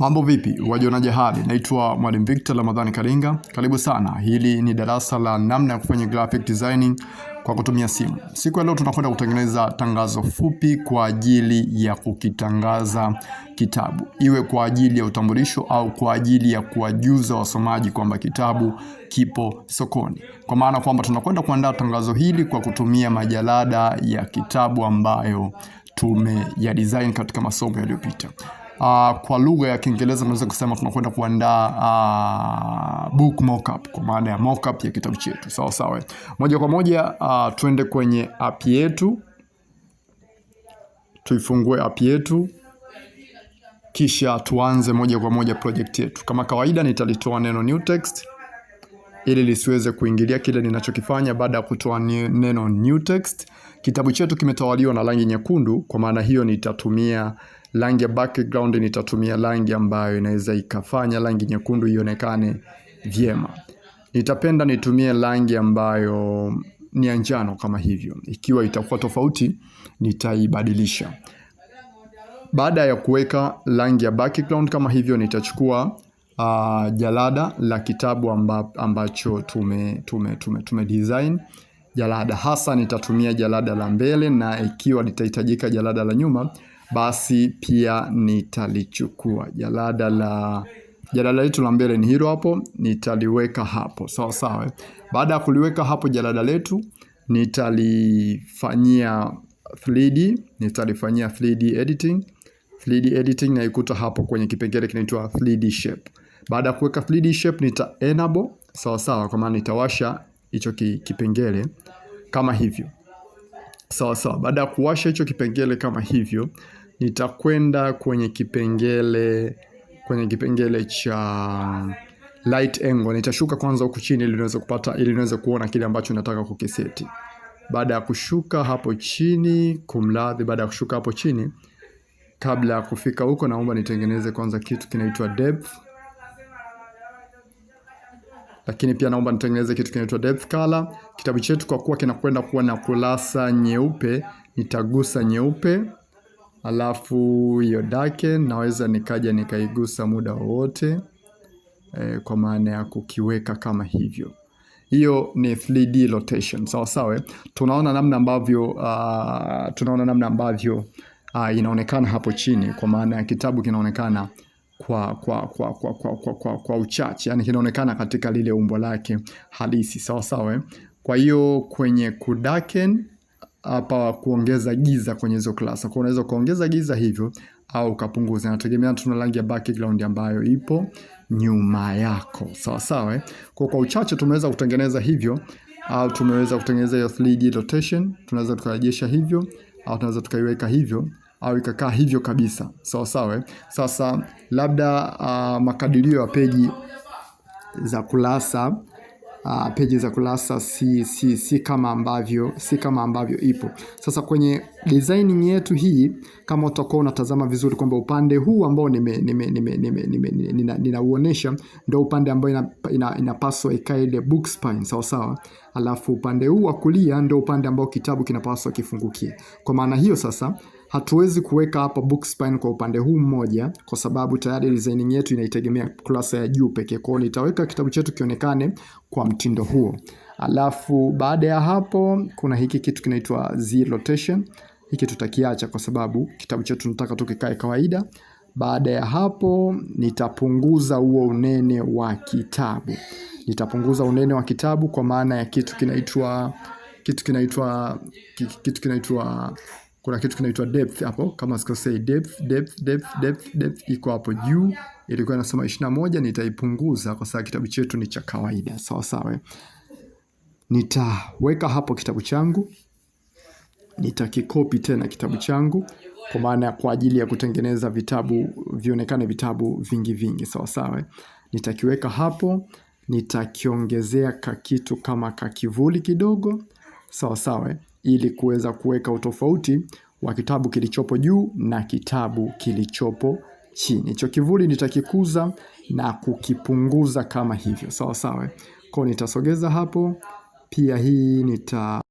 Mambo vipi, wajiona jahali. Naitwa Mwalimu Victor Ramadhani Karinga. Karibu sana. Hili ni darasa la namna ya kufanya graphic designing kwa kutumia simu. Siku ya leo tunakwenda kutengeneza tangazo fupi kwa ajili ya kukitangaza kitabu, iwe kwa ajili ya utambulisho au kwa ajili ya kuwajuza wasomaji kwamba kitabu kipo sokoni, kwa maana kwamba tunakwenda kuandaa tangazo hili kwa kutumia majalada ya kitabu ambayo tume ya design katika masomo yaliyopita uh, kwa lugha ya Kiingereza unaweza kusema tunakwenda kuandaa uh, book mockup kwa maana ya mockup ya kitabu chetu sawa sawa. Moja kwa moja uh, ah, tuende kwenye app yetu, tuifungue app yetu kisha tuanze moja kwa moja project yetu. Kama kawaida nitalitoa neno new text ili lisiweze kuingilia kile ninachokifanya baada ya kutoa neno new text. Kitabu chetu kimetawaliwa na rangi nyekundu, kwa maana hiyo nitatumia rangi ya background, nitatumia rangi ambayo inaweza ikafanya rangi nyekundu ionekane vyema. Nitapenda nitumie rangi ambayo ni ya njano kama hivyo. Ikiwa itakuwa tofauti, nitaibadilisha. Baada ya kuweka rangi ya background kama hivyo, nitachukua uh, jalada la kitabu amba, ambacho tume, tume, tume, tume design jalada hasa. Nitatumia jalada la mbele na ikiwa litahitajika jalada la nyuma, basi pia nitalichukua jalada la jalada letu la mbele ni hilo hapo, nitaliweka hapo sawa sawa. Baada ya kuliweka hapo jalada letu, nitalifanyia 3D, nitalifanyia 3D editing 3D editing naikuta hapo kwenye kipengele kinaitwa 3D shape. Baada ya kuweka 3D shape nita enable sawa sawa, kwa maana nitawasha hicho kipengele kama hivyo. Sawa sawa, baada ya kuwasha hicho kipengele kama hivyo, nitakwenda kwenye kipengele kwenye kipengele cha um, light angle. Nitashuka kwanza huku chini ili niweze kupata ili niweze kuona kile ambacho nataka kukiseti. Baada ya kushuka hapo chini, kumradhi, baada ya kushuka hapo chini Kabla ya kufika huko, naomba nitengeneze kwanza kitu kinaitwa depth, lakini pia naomba nitengeneze kitu kinaitwa depth color. Kitabu chetu kwa kuwa kinakwenda kuwa na kurasa nyeupe, nitagusa nyeupe, alafu hiyo darken naweza nikaja nikaigusa muda wowote e, kwa maana ya kukiweka kama hivyo. Hiyo ni 3D rotation. Sawa sawa, eh? tunaona namna ambavyo uh, tunaona namna ambavyo uh, inaonekana hapo chini, kwa maana ya kitabu kinaonekana kwa, kwa, kwa, kwa, kwa, kwa, kwa, kwa uchache, yani kinaonekana katika lile umbo lake halisi sawa sawa. Eh? Kwa hiyo kwenye kudaken hapa kuongeza giza kwenye hizo klasa, kwa unaweza kuongeza giza hivyo au kapunguza, inategemea tuna rangi ya background ambayo ipo nyuma yako sawa sawa. Eh? Kwa kwa uchache tumeweza kutengeneza hivyo, au tumeweza kutengeneza hiyo 3D rotation, tunaweza tukarejesha hivyo au tunaweza tukaiweka hivyo au ikakaa hivyo kabisa, sawa sawa. Eh? Sasa labda uh, makadirio ya peji za kurasa uh, ah, peji za kurasa si, si, si kama ambavyo si kama ambavyo ipo sasa kwenye designing yetu hii. Kama utakuwa unatazama vizuri kwamba upande huu ambao ninauonesha ndio upande ambao inapaswa ina, ina ikae ile book spine sawa sawa, alafu upande huu wa kulia ndio upande ambao kitabu kinapaswa kifungukie. Kwa maana hiyo sasa hatuwezi kuweka hapa book spine kwa upande huu mmoja kwa sababu tayari designing yetu inaitegemea kurasa ya juu pekee. Kwa hiyo nitaweka kitabu chetu kionekane kwa mtindo huo. Alafu baada ya hapo kuna hiki kitu kinaitwa z rotation. Hiki tutakiacha kwa sababu kitabu chetu tunataka tu kikae kawaida. Baada ya hapo nitapunguza huo unene wa kitabu. Nitapunguza unene wa kitabu kwa maana ya kitu kinaitwa kitu kinaitwa kitu kinaitwa kuna kitu kinaitwa depth hapo, kama sikosei, depth depth depth depth depth iko hapo juu, ilikuwa inasema 21 nitaipunguza kwa sababu kitabu chetu ni cha kawaida. Sawa sawa, nitaweka hapo kitabu changu, nitakikopi tena kitabu changu kwa maana kwa ajili ya kutengeneza vitabu vionekane vitabu vingi vingi. Sawa sawa, nitakiweka hapo, nitakiongezea kakitu kama kakivuli kidogo. Sawa sawa ili kuweza kuweka utofauti wa kitabu kilichopo juu na kitabu kilichopo chini. Hicho kivuli nitakikuza na kukipunguza kama hivyo, sawa sawa. Kwa nitasogeza hapo, pia hii nita